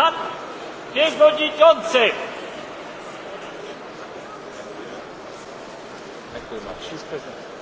hat, jest godzicący. Dziękuję bardzo.